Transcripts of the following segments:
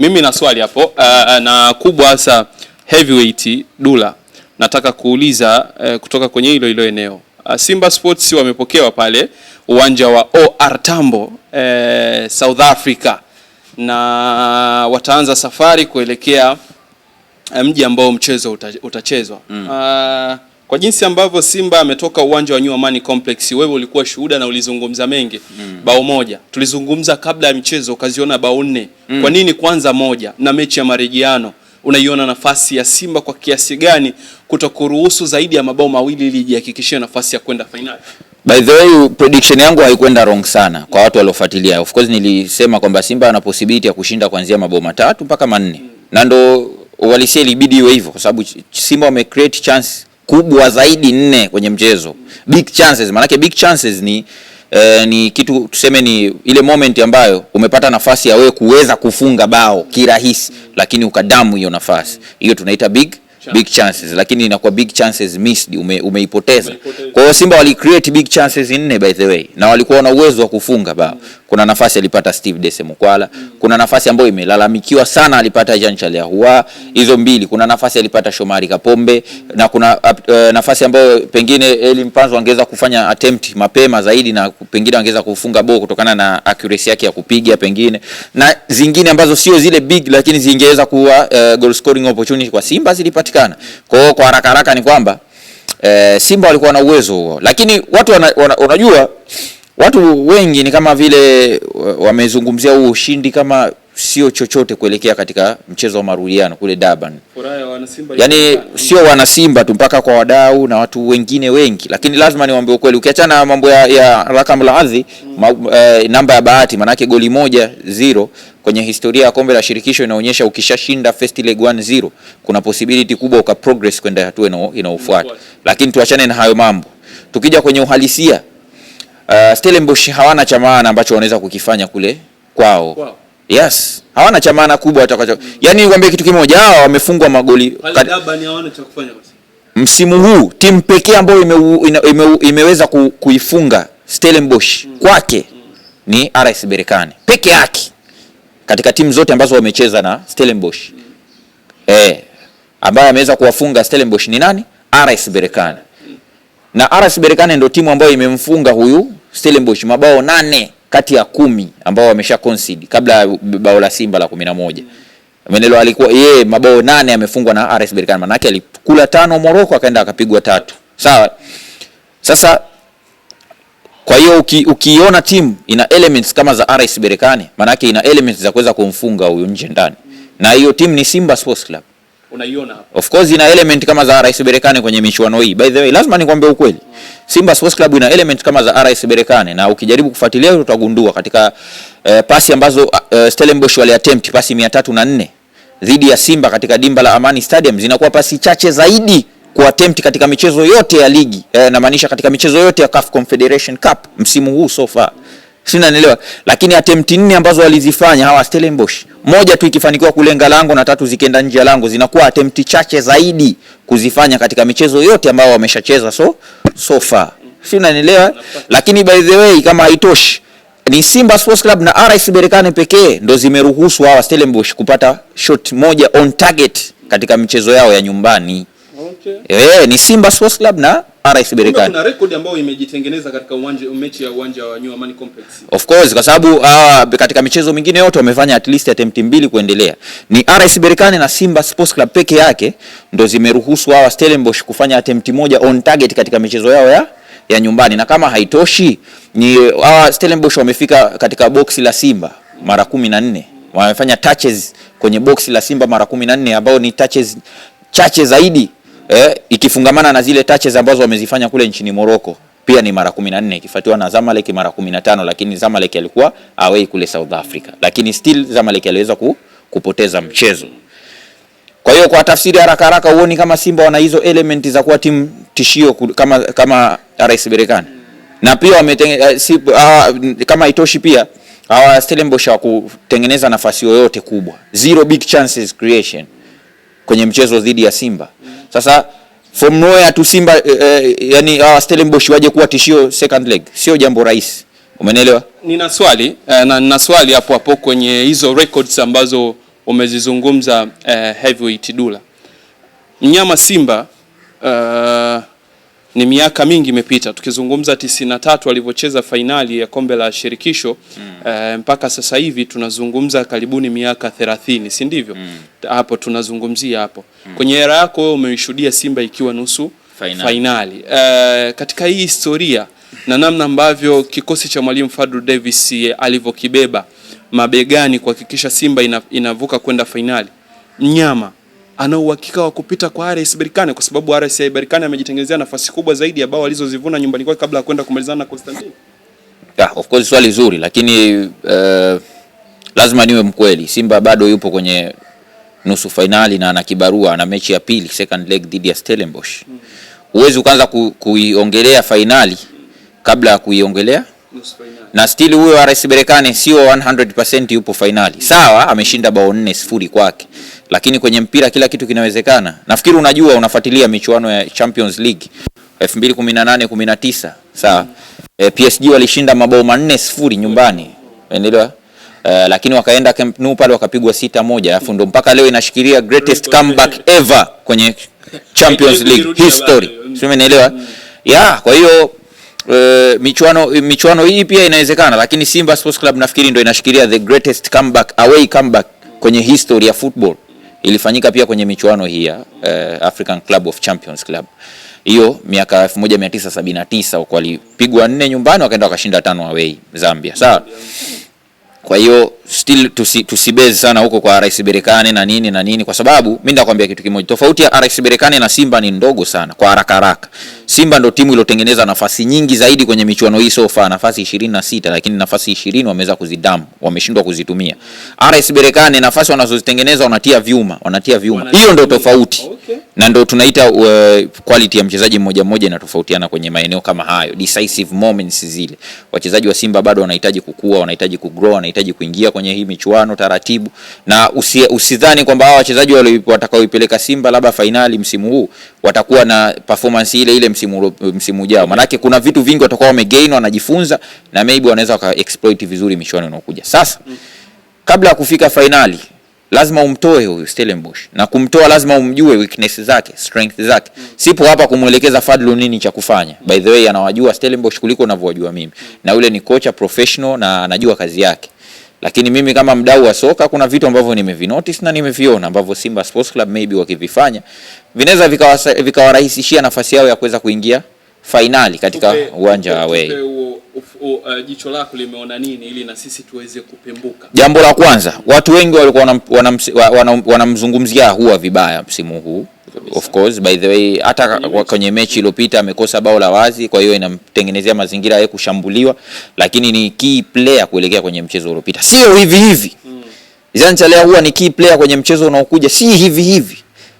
Mimi na swali hapo uh, na kubwa hasa Heavyweight Dula, nataka kuuliza uh, kutoka kwenye hilo hilo eneo uh, Simba Sports wamepokewa pale uwanja wa OR Tambo uh, South Africa na wataanza safari kuelekea mji ambao mchezo utachezwa mm. uh, kwa jinsi ambavyo Simba ametoka uwanja wa New Amani Complex, wewe ulikuwa shuhuda na ulizungumza mengi mm. Bao moja tulizungumza kabla ya mchezo, ukaziona bao nne mm. Kwa nini kwanza moja na mechi ya marejeano unaiona nafasi ya Simba kwa kiasi gani kutokuruhusu zaidi ya mabao mawili ili jihakikishie nafasi ya kwenda fainali? By the way, prediction yangu haikwenda wrong sana kwa watu waliofuatilia. Of course nilisema kwamba Simba ana possibility ya kushinda kuanzia mabao matatu mpaka manne mm. na ndo walisia ilibidi iwe hivyo kwa sababu Simba wame create chance kubwa zaidi nne kwenye mchezo, big chances. Maanake big chances ni uh, ni kitu tuseme, ni ile moment ambayo umepata nafasi ya wewe kuweza kufunga bao kirahisi, lakini ukadamu hiyo nafasi hiyo, tunaita big big chances, lakini inakuwa big chances missed, ume, umeipoteza. Kwa hiyo Simba wali create big chances nne by the way, na walikuwa na uwezo wa kufunga bao. Kuna nafasi alipata Steve Dese Mukwala, kuna nafasi ambayo imelalamikiwa sana alipata Jean Charles hizo mbili, kuna nafasi alipata Shomari Kapombe na kuna uh, nafasi ambayo pengine Eli Mpanzu angeweza kufanya attempt mapema zaidi na pengine angeweza kufunga bao kutokana na accuracy yake ya kupiga pengine na zingine ambazo sio zile big, lakini zingeweza kuwa uh, goal scoring opportunity kwa Simba zilipatikana. Kwa hiyo kwa haraka haraka ni kwamba uh, Simba walikuwa na uwezo huo, lakini watu wana, wana, wana, wanajua Watu wengi ni kama vile wamezungumzia huo ushindi kama sio chochote kuelekea katika mchezo wa marudiano kule Durban. Yaani sio Simba tu mpaka kwa wadau na watu wengine wengi, lakini lazima niwaambie ukweli, ukiachana na mambo ya, ya rakamul adhi mm, eh, namba ya bahati, manake goli moja zero kwenye historia ya kombe la shirikisho inaonyesha ukishashinda first leg 1-0 kuna possibility kubwa uka progress kwenda hatua inayofuata, lakini tuachane na hayo mambo, tukija kwenye uhalisia uh, Stellenbosch hawana cha maana ambacho wanaweza kukifanya kule kwao wow. Yes, hawana cha maana kubwa hata mm. Yaani nikwambie kitu kimoja, hawa wamefungwa magoli hawana cha kufanya basi. Msimu huu timu pekee ambayo ime, ime, imeweza ku, kuifunga Stellenbosch mm. kwake mm. ni RS Berkane peke yake katika timu zote ambazo wamecheza na Stellenbosch mm. eh, ambaye ameweza kuwafunga Stellenbosch ni nani? RS Berkane mm. na RS Berkane ndio timu ambayo imemfunga huyu Stellenbosch mabao nane kati ya kumi ambao wamesha concede kabla ya bao la Simba la 11. Menelo alikuwa yeye mabao nane amefungwa na RS Berkane, maana yake alikula tano Morocco akaenda akapigwa tatu. Sawa. Sasa kwa hiyo uki, ukiona timu ina elements kama za RS Berkane, maana ina elements za kuweza kumfunga huyu nje ndani. Na hiyo timu ni Simba Sports Club unaiona hapa. Of course ina element kama za RS berekane kwenye michuano hii. By the way, lazima nikwambie ukweli. Simba Sports Club ina element kama za RS berekane na ukijaribu kufuatilia utagundua katika eh, pasi ambazo eh, Stellenbosch wali attempt pasi 304 dhidi ya Simba katika dimba la Amani Stadium zinakuwa pasi chache zaidi ku attempt katika michezo yote ya ligi eh, namaanisha katika michezo yote ya CAF Confederation Cup msimu huu so far sina unanielewa? Lakini attempt nne ambazo walizifanya hawa Stellenbosch, moja tu ikifanikiwa kulenga lango na tatu zikienda nje ya lango, zinakuwa attempt chache zaidi kuzifanya katika michezo yote ambayo wameshacheza so so far, sina unanielewa? Lakini by the way, kama haitoshi ni Simba Sports Club na RS Berkane pekee ndo zimeruhusu hawa Stellenbosch kupata shot moja on target katika michezo yao ya nyumbani. Okay. Eh, ni Simba Sports Club na RS Berkane. Kuna record ambayo imejitengeneza katika uwanja mechi ya uwanja wa New Amani Complex. Of course kwa sababu uh, katika michezo mingine yote wamefanya at least attempt mbili kuendelea. Ni RS Berkane na Simba Sports Club peke yake ndo zimeruhusu hawa Stellenbosch kufanya attempt moja on target katika michezo yao ya ya nyumbani na kama haitoshi ni hawa Stellenbosch wamefika katika boksi la Simba mara 14. Wamefanya touches kwenye boxi la Simba mara 14 ambao ni touches chache zaidi eh, ikifungamana na zile touches ambazo wamezifanya kule nchini Morocco pia ni mara 14 ikifuatiwa na Zamalek mara 15, lakini Zamalek alikuwa away kule South Africa, lakini still Zamalek aliweza ku, kupoteza mchezo. Kwa hiyo kwa tafsiri haraka haraka, huoni kama Simba wana hizo element za kuwa timu tishio kama kama RS Berkane, na pia wametenge, eh, si, uh, kama itoshi pia hawa Stellenbosch wa kutengeneza nafasi yoyote kubwa, zero big chances creation kwenye mchezo dhidi ya Simba. Sasa from nowhere tu Simba e, yani hawa ah, Stellenbosch waje kuwa tishio second leg, sio jambo rahisi. Umenielewa? Nina swali eh, na nina swali hapo hapo kwenye hizo records ambazo umezizungumza eh, Heavyweight Dula mnyama Simba eh, ni miaka mingi imepita, tukizungumza tisini na tatu alivyocheza fainali ya kombe la shirikisho mm. E, mpaka sasa hivi tunazungumza karibuni miaka thelathini, si ndivyo? mm. Hapo tunazungumzia hapo mm. Kwenye era yako wewe umeishuhudia Simba ikiwa nusu fainali, fainali. E, katika hii historia na namna ambavyo kikosi cha mwalimu Fadlu Davis eh, alivyokibeba mabegani kuhakikisha Simba inavuka kwenda fainali, mnyama ana uhakika wa kupita kwa RS Berkane kwa sababu RS Berkane amejitengenezea nafasi kubwa zaidi ya bao alizozivuna nyumbani kwake kabla ya kwenda kumalizana na Constantine. Yeah, of course swali zuri lakini uh, lazima niwe mkweli. Simba bado yupo kwenye nusu fainali na ana kibarua, ana mechi ya pili second leg dhidi ya Stellenbosch. Mm. Huwezi hmm, ukaanza ku, kuiongelea fainali kabla ya kuiongelea na stili huyo wa Rais Berekani sio 100% yupo fainali. Sawa, ameshinda bao nne sifuri kwake, lakini kwenye mpira kila kitu kinawezekana. Nafikiri unajua, unafuatilia michuano ya Champions League 2018 19, sawa. E, eh, PSG walishinda mabao manne sifuri nyumbani, unaelewa Uh, eh, lakini wakaenda Camp Nou pale wakapigwa sita moja, alafu ndo mpaka leo inashikilia greatest comeback ever kwenye Champions League history, sio? Umeelewa? ya kwa hiyo Eh, michuano michuano hii pia inawezekana, lakini Simba Sports Club nafikiri ndio inashikilia the greatest comeback away comeback kwenye history ya football. Ilifanyika pia kwenye michuano hii ya uh, African Club of Champions Club hiyo miaka 1979 huko walipigwa nne nyumbani wakaenda wakashinda tano away Zambia, sawa. Kwa hiyo still tusi, tusibezi sana huko kwa rais berekane na nini na nini, kwa sababu mimi ndakwambia kitu kimoja. Tofauti ya rais berekane na Simba ni ndogo sana kwa haraka haraka. Simba ndo timu iliyotengeneza nafasi nyingi zaidi kwenye michuano hii sofa, nafasi 26, lakini nafasi 20 wameweza kuzidamu, wameshindwa kuzitumia. rais berekane nafasi wanazozitengeneza wanatia vyuma, wanatia vyuma. Hiyo ndo tofauti. Okay. Na ndo tunaita uh, quality ya mchezaji mmoja mmoja inatofautiana kwenye maeneo kama hayo. Decisive moments zile. Wachezaji wa Simba bado wanahitaji kukua, wanahitaji kugrow, wanahitaji kuingia kwenye hii michuano taratibu, na usidhani kwamba hawa wachezaji watakaoipeleka Simba labda fainali msimu huu watakuwa na performance ile ile msimu msimu ujao, manake kuna vitu vingi watakuwa wamegain, wanajifunza na maybe wanaweza waka exploit vizuri michuano inayokuja. Sasa kabla ya kufika fainali lazima umtoe huyu Stellenbosch na kumtoa, lazima umjue weakness zake, strength zake. Sipo hapa kumwelekeza Fadlu nini cha kufanya. By the way, anawajua Stellenbosch kuliko unavyojua mimi, na yule ni kocha professional na anajua kazi yake. Lakini mimi kama mdau wa soka, kuna vitu ambavyo nimevinotice na nimeviona ambavyo Simba Sports Club maybe wakivifanya vinaweza vikawarahisishia vika nafasi yao ya kuweza kuingia fainali katika uwanja wa away. Uh, jicho lako limeona nini ili na sisi tuweze kupembuka? Jambo la kwanza, watu wengi walikuwa wanamzungumzia wana, wana, wana, wana huwa vibaya msimu huu of course, by the way, hata kwenye mechi iliyopita amekosa bao la wazi, kwa hiyo inamtengenezea mazingira yeye kushambuliwa, lakini ni key player kuelekea kwenye mchezo uliopita, sio hivi hivi mm. Zanzalea huwa ni key player kwenye mchezo unaokuja, si hivi hivi,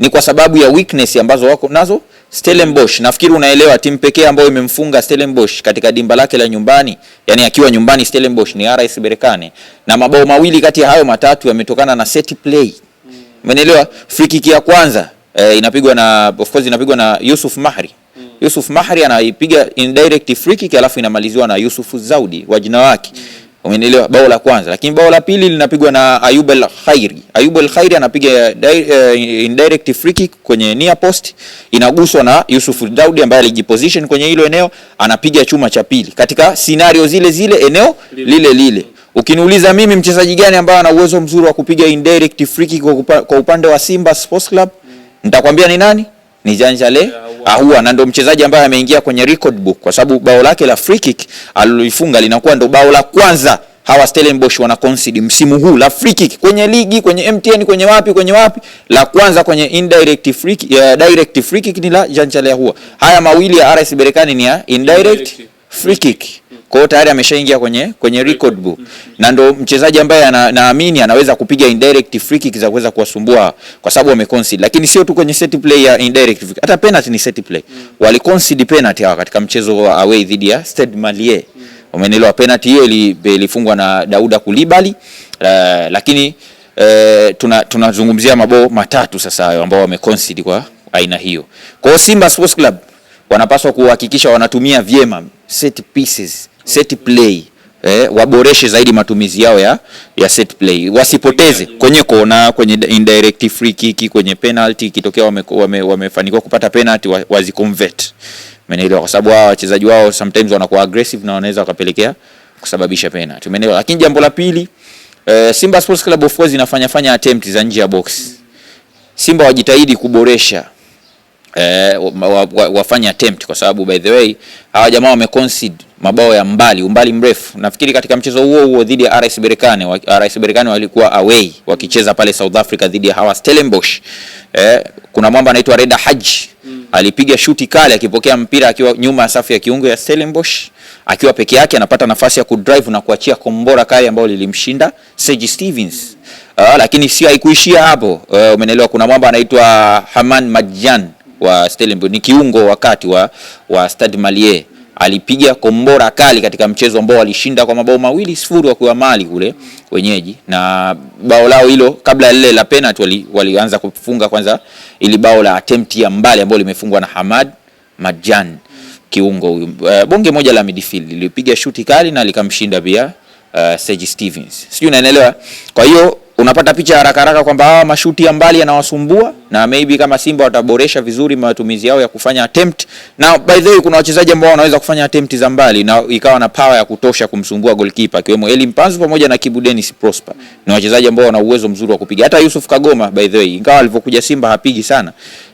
ni kwa sababu ya weakness ambazo wako nazo Stellenbosch. Nafikiri unaelewa timu pekee ambayo imemfunga Stellenbosch katika dimba lake la nyumbani, yani akiwa nyumbani Stellenbosch ni RS Berkane, na mabao mawili kati ya hayo matatu yametokana na set play. Hmm. Umeelewa? mm. Free kick ya kwanza eh, inapigwa na of course inapigwa na Yusuf Mahri mm. Yusuf Mahri anaipiga indirect free kick alafu inamaliziwa na Yusuf Zaudi wa jina lake mm. Umeelewa, bao la kwanza, lakini bao la pili linapigwa na Ayub Al Khairi. Ayub Al Khairi anapiga uh, indirect free kick kwenye near post, inaguswa na Yusuf Zaudi ambaye alijiposition kwenye hilo eneo, anapiga chuma cha pili katika scenario zile zile, eneo lile lile. Ukiniuliza mimi mchezaji gani ambaye ana uwezo mzuri wa kupiga indirect free kick kwa upande wa Simba Sports Club nitakwambia ni nani? Ni Janjale Ahua, na ndo mchezaji ambaye ameingia kwenye record book kwa sababu bao lake la free kick aliloifunga linakuwa ndo bao la kwanza hawa Stellenbosch wana concede msimu huu la free kick kwenye ligi, kwenye MTN, kwenye wapi, kwenye wapi, la kwanza kwenye indirect free kick, uh, eh, direct free kick ni la Janjale Ahua. Haya mawili ya RS berekani ni ya indirect free kick. Kwa hiyo tayari ameshaingia kwenye kwenye record book. Na ndo mchezaji ambaye naamini na anaweza kupiga indirect free kick za kuweza kuwasumbua kwa sababu wame concede, Lakini sio tu kwenye set play ya indirect free. Hata penalty ni set play. Wali concede penalty hawa katika mchezo wa away dhidi ya Stade Malien. Umeelewa, penalty hiyo ilifungwa na Dauda Kulibali. Uh, eh, lakini uh, tuna tunazungumzia mabao matatu sasa hayo ambao wame concede kwa aina hiyo. Kwa Simba Sports Club wanapaswa kuhakikisha wanatumia vyema set pieces set play eh, waboreshe zaidi matumizi yao ya, ya set play, wasipoteze kwenye kona, kwenye indirect free kick, kwenye penalty. Ikitokea wame, wame, kupata penalty waziconvert, umeelewa? Kwa sababu hao wachezaji wao sometimes wanakuwa aggressive na wanaweza wakapelekea kusababisha penalty, umeelewa? Lakini jambo la pili eh, Simba Sports Club of course inafanya fanya attempt za nje ya box. Simba wajitahidi kuboresha eh, wafanye attempt kwa sababu by the way hawa jamaa wame concede mabao ya mbali umbali mrefu. Nafikiri katika mchezo huo huo dhidi ya RS Berkane, RS Berkane walikuwa away wakicheza pale South Africa dhidi ya hawa Stellenbosch. Eh, kuna mwamba anaitwa Reda Haji mm. alipiga shuti kali akipokea mpira akiwa nyuma ya safu ya kiungo ya Stellenbosch akiwa peke yake, anapata nafasi ya kudrive na kuachia kombora kali ambayo lilimshinda Sage Stevens mm. uh, lakini sio haikuishia hapo uh, umeelewa. Kuna mwamba anaitwa Haman Majan wa Stellenbosch, ni kiungo wakati wa, wa Stade Malier alipiga kombora kali katika mchezo ambao walishinda kwa mabao mawili sifuri wakiwa Mali kule wenyeji, na bao lao hilo kabla lile la penalty wali, walianza kufunga kwanza ili bao la attempt ya mbali ambao limefungwa na Hamad Majan kiungo huyu, eh, bonge moja la midfield lilipiga shuti kali na likamshinda pia uh, eh, Sage Stevens, sijui unaelewa. Kwa hiyo unapata picha haraka haraka kwamba hawa ah, mashuti ya mbali yanawasumbua, na maybe kama Simba wataboresha vizuri matumizi yao ya kufanya attempt. Na by the way, kuna wachezaji ambao wanaweza kufanya attempt za mbali na ikawa na power ya kutosha kumsumbua goalkeeper, akiwemo Eli Mpanzu pamoja na Kibu Dennis Prosper. Ni wachezaji ambao wana uwezo mzuri wa kupiga. Hata Yusuf Kagoma by the way, ingawa alivyokuja Simba hapigi sana,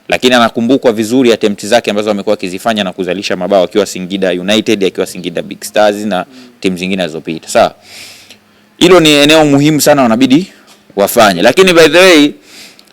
lakini anakumbukwa vizuri attempt zake ambazo amekuwa akizifanya na kuzalisha mabao akiwa Singida United, akiwa Singida Big Stars na timu zingine zilizopita. Sawa, hilo ni eneo muhimu sana, wanabidi wafanye. Lakini by the way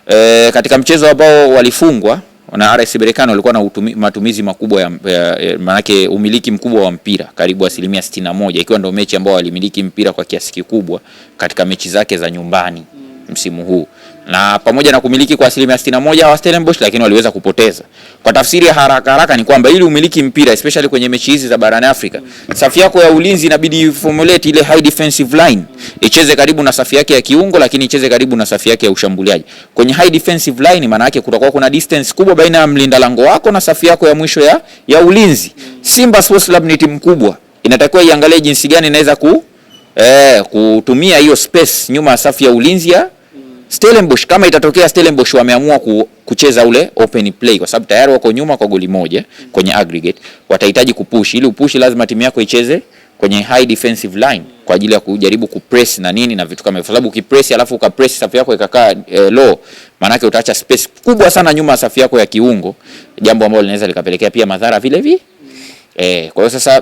e, katika mchezo ambao walifungwa na RS Berkane walikuwa na utumi, matumizi makubwa ya, ya, ya manake umiliki mkubwa wa mpira karibu asilimia 61 moja ikiwa ndio mechi ambao walimiliki mpira kwa kiasi kikubwa katika mechi zake za nyumbani msimu huu na pamoja na kumiliki kwa asilimia sitini na moja wa Stellenbosch, lakini waliweza kupoteza. Kwa tafsiri ya haraka haraka ni kwamba ili umiliki mpira especially kwenye mechi hizi za barani Afrika, safu yako ya ulinzi inabidi formulate ile high defensive line icheze karibu na safu yake ya kiungo, lakini icheze karibu na safu yake ya ushambuliaji. Kwenye high defensive line, maana yake kutakuwa kuna distance kubwa baina ya mlinda lango wako na safu yako ya mwisho ya, ya ulinzi. Simba Sports Club ni timu kubwa, inatakiwa iangalie jinsi gani inaweza ku, eh, kutumia hiyo space nyuma ya safu ya ulinzi ya Stellenbosch kama itatokea Stellenbosch wameamua ku, kucheza ule open play kwa sababu tayari wako nyuma kwa goli moja kwenye aggregate, watahitaji kupush. Ili upush, lazima timu yako icheze kwenye high defensive line kwa ajili ya kujaribu kupress na nini na vitu kama hivyo, sababu ukipress alafu ukapress safu yako ikakaa eh, low, maanake utaacha space kubwa sana nyuma ya safu yako ya kiungo, jambo ambalo linaweza likapelekea pia madhara vile vile. Eh, kwa hiyo sasa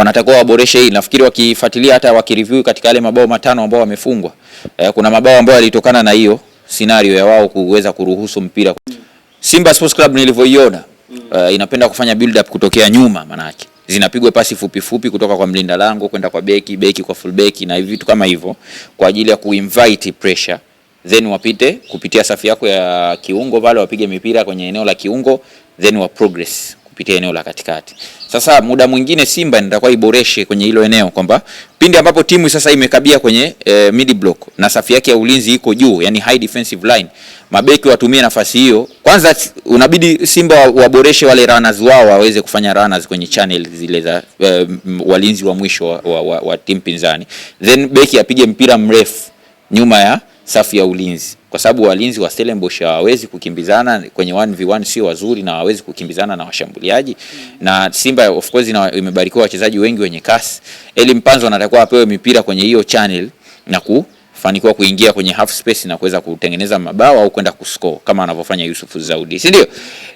wanatakiwa waboreshe hii. Nafikiri wakifuatilia hata wakireview katika yale mabao matano ambao wamefungwa, eh, kuna mabao ambayo yalitokana na hiyo scenario ya wao kuweza kuruhusu mpira. Simba Sports Club nilivyoiona, eh, inapenda kufanya build up kutokea nyuma manake zinapigwa pasi fupi fupi kutoka kwa mlinda lango kwenda kwa beki, beki kwa full beki na vitu kama hivyo kwa ajili ya kuinvite pressure, then wapite kupitia safu yako ya kiungo pale, wapige mipira kwenye eneo la kiungo, then wa progress kupitia eneo la katikati. Sasa muda mwingine Simba nitakuwa iboreshe kwenye hilo eneo kwamba pindi ambapo timu sasa imekabia kwenye e, mid block na safu yake ya ulinzi iko juu, yani high defensive line, mabeki watumie nafasi hiyo. Kwanza unabidi Simba waboreshe wale runners wao waweze kufanya runners kwenye channel zile za e, walinzi wa mwisho wa, wa, wa, wa timu pinzani, then beki apige mpira mrefu nyuma ya safu ya ulinzi kwa sababu walinzi wa Stellenbosch hawawezi kukimbizana kwenye 1v1, sio wazuri na hawawezi kukimbizana na washambuliaji mm. na Simba of course ina, imebarikiwa wachezaji wengi wenye kasi. Eli Mpanzo anatakiwa apewe mipira kwenye hiyo channel na ku kufanikiwa kuingia kwenye half space na kuweza kutengeneza mabao au kwenda kuscore kama anavyofanya Yusuf Zaudi, si ndio?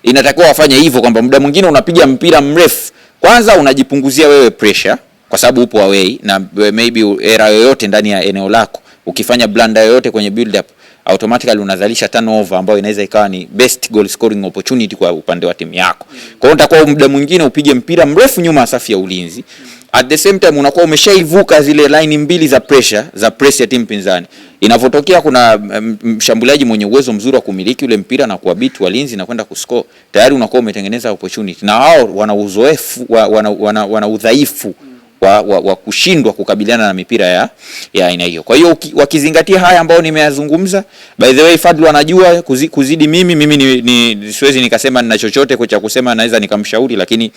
Inatakiwa wafanye hivyo, kwamba muda mwingine unapiga mpira mrefu, kwanza unajipunguzia wewe pressure kwa sababu upo away na maybe era yoyote ndani ya eneo lako ukifanya blanda yoyote kwenye build up automatically unazalisha turnover ambayo inaweza ikawa ni best goal scoring opportunity kwa upande wa timu yako. Kwa hiyo utakuwa muda mwingine upige mpira mrefu nyuma ya safu ya ulinzi. At the same time unakuwa umeshaivuka zile line mbili za pressure, za press ya timu pinzani. Inavyotokea kuna mshambuliaji mwenye uwezo mzuri wa kumiliki ule mpira na kuabiti walinzi na kwenda kuscore, tayari unakuwa umetengeneza opportunity. Na wao wana uzoefu, wana, wana, wana udhaifu wa, wa, wa kushindwa kukabiliana na mipira ya ya aina hiyo. Kwa hiyo wakizingatia haya ambayo nimeyazungumza, by the way Fadlu anajua kuzi, kuzidi mimi mimi ni, ni siwezi nikasema nina chochote cha kusema, naweza nikamshauri, lakini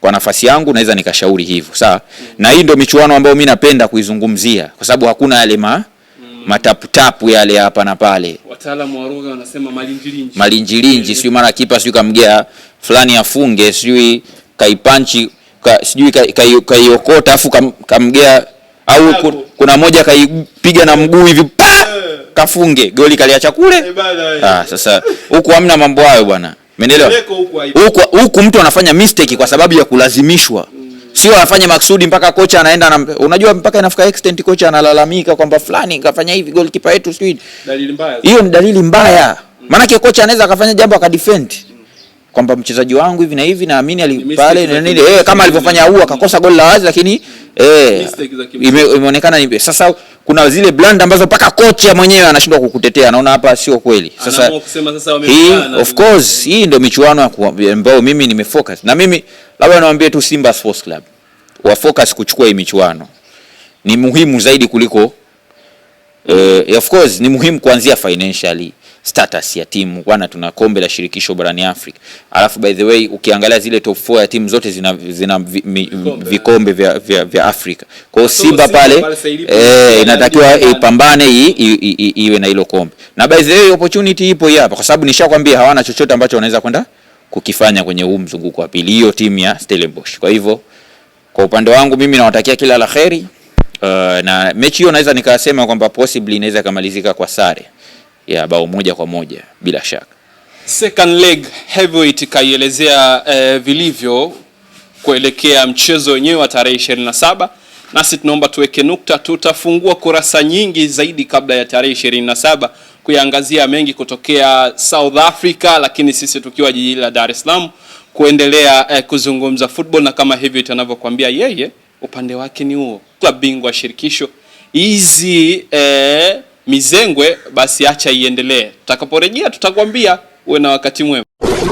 kwa nafasi yangu naweza nikashauri hivyo. Sawa? Mm. Na hii ndio michuano ambayo mimi napenda kuizungumzia kwa sababu hakuna yale ma mm. mataputapu yale hapa na pale. Wataalamu wa lugha wanasema malinjilinji. Malinjilinji, sio mara kipa sio kamgea fulani afunge, sio kaipanchi ka, sijui kaiokota kai afu kam, kamgea au kuna, kuna moja kaipiga na mguu hivi pa eh. kafunge goli kaliacha kule. Eh, eh. Ah, sasa huku hamna mambo hayo bwana, umeelewa? Huku huku mtu anafanya mistake kwa sababu ya kulazimishwa mm. sio anafanya maksudi, mpaka kocha anaenda na, unajua mpaka inafika extent kocha analalamika kwamba fulani kafanya hivi goalkeeper yetu, sio hiyo. Ni dalili mbaya, mm. maanake kocha anaweza akafanya jambo akadefend kwamba mchezaji wangu hivi na hivi naamini pale na nini eh, kama alivyofanya huu akakosa goli la wazi, lakini eh, imeonekana ime sasa kuna zile bland ambazo mpaka kocha mwenyewe anashindwa kukutetea, Naona hapa sio kweli. Sasa hii of course hii ndio michuano ambayo mimi nimefocus, na mimi labda niwaambie tu Simba Sports Club wa focus kuchukua hii michuano ni muhimu zaidi kuliko eh, of course ni muhimu kuanzia financially status ya timu wana, tuna kombe la shirikisho barani Afrika. Alafu by the way ukiangalia zile top 4 ya timu zote zina, zina vi, mi, vikombe, vikombe vya, vya, vya Afrika. Kwa hiyo Simba pale eh, inatakiwa ipambane iwe na hilo kombe, na by the way opportunity ipo hii hapa, kwa sababu nishakwambia hawana chochote ambacho wanaweza kwenda kukifanya kwenye huu mzunguko wa pili, hiyo timu ya Stellenbosch. Kwa hivyo kwa upande wangu mimi nawatakia kila la kheri. Uh, na mechi hiyo naweza nikasema kwamba possibly inaweza ikamalizika kwa sare ya bao moja kwa moja bila shaka. Second leg Heavyweight kaielezea eh, vilivyo kuelekea mchezo wenyewe wa tarehe 27, nasi tunaomba tuweke nukta. Tutafungua kurasa nyingi zaidi kabla ya tarehe 27 kuyaangazia mengi kutokea South Africa, lakini sisi tukiwa jijini la Dar es Salaam kuendelea eh, kuzungumza football, na kama Heavyweight anavyokuambia yeye, upande wake ni huo, klabu bingwa shirikisho hizi eh, mizengwe basi acha iendelee. Tutakaporejea tutakwambia. Uwe na wakati mwema.